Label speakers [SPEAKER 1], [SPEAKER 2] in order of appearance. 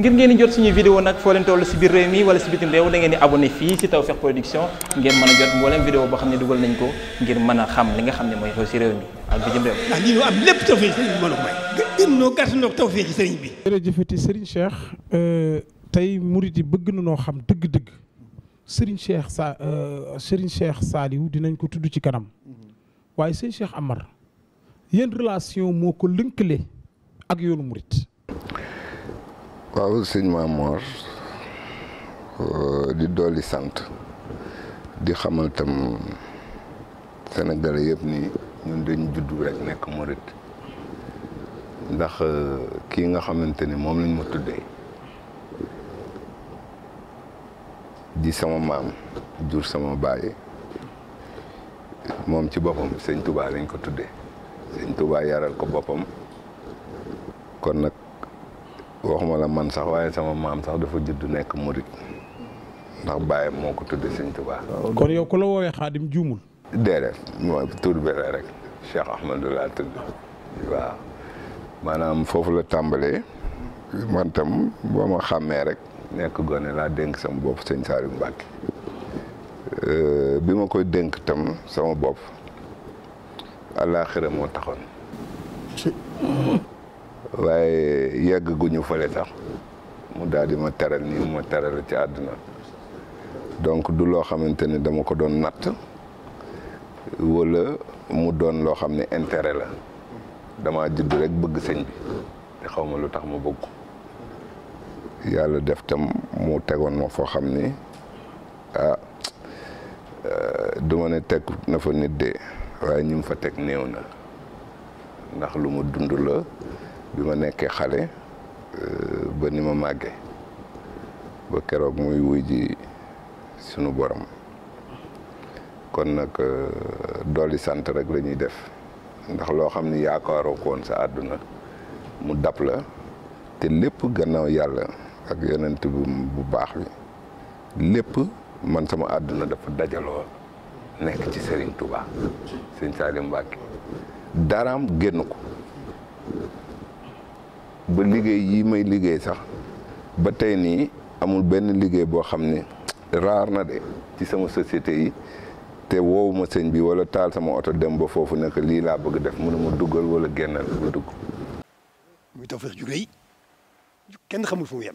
[SPEAKER 1] ngir ngeen di jot suñuy vidéo nag foo leen toll si biir réew mi wala si bitim réew da di abonné fii si Tawfekh Production ngeen mën a jot mboolem vidéo boo xam ne dugal nañ ko ngir mën a xam li nga xam ne mooy xew si réew mi ak bitim réew. ndax lii ñu am lépp tawfeex bi mën a may.
[SPEAKER 2] gën noo euh, yi bëgg na noo xam dëgg-dëgg Cheikh sa euh, sëriñ Cheikh Saliou dinañ ko tudd ci kanam waaye sëriñ Cheikh Amar yéen relation moo ko lënkale ak yoonu murid
[SPEAKER 3] waaw sëñ Mamor euh, di dolli sant di xamal tam Sénégalais yëpp ni ñun dañu juddu rek nekk murit ndax euh, kii nga xamante ni moom lañ ma tuddee di sama maam jur sama baay moom ci boppam sëñ Touba lañ ko tuddee sëñ Touba yaral ko boppam kon nag. waxuma la man sax waaye sama maam sax dafa judd nekk murit ndax bàyyi moo ko tudde sëñ Tuubaa kon
[SPEAKER 2] yow ku la woowee
[SPEAKER 3] xaadim juumul déedéet mooy tur bi la rek Cheikh Ahmadou laa tudd maanaam foofu la tàmbalee man tam boo ma xàmmee rek nekk gone laa dénk sama bopp sëñ Saliou Mbacké euh, bi ma koy dénk tam sama bopp àllaaxira moo taxoon waaye yegg gu ñu fële sax mu daal di ma teral nii mu ma teral ci àdduna donc du loo xamante ni dama ko doon natt wala mu doon loo xam ne intérêt la damaa judd rek bëgg sëñ bi te xaw ma lu tax ma bëgg yàlla def tam mu tegoon ma foo xam ni ah euh, du ma ne teg na fa nit de waaye ñu fa teg néew na ndax lu ma dund la bi ma nekkee xale euh, ba ni ma màggee ba keroog muy wuy ji sunu borom kon nag euh, dolli sant rek lañuy def ndax loo xam ni yaakaaroo ko sa àdduna mu dab la te lépp gannaaw yàlla ak yonent bu baax bi lépp man sama àdduna dafa dajaloo nekk ci Serigne Touba Serigne Salim Mbacké daraam génn ko ba liggéey yi may liggéey sax ba tey nii amul benn liggéey boo xam ne raar na de ci sama société yi te woowu ma sëñ bi wala taal sama oto dem ba foofu nekk lii laa bëgg def mënu ma duggal wala génnal ma dugg.
[SPEAKER 1] kenn xamul fu yem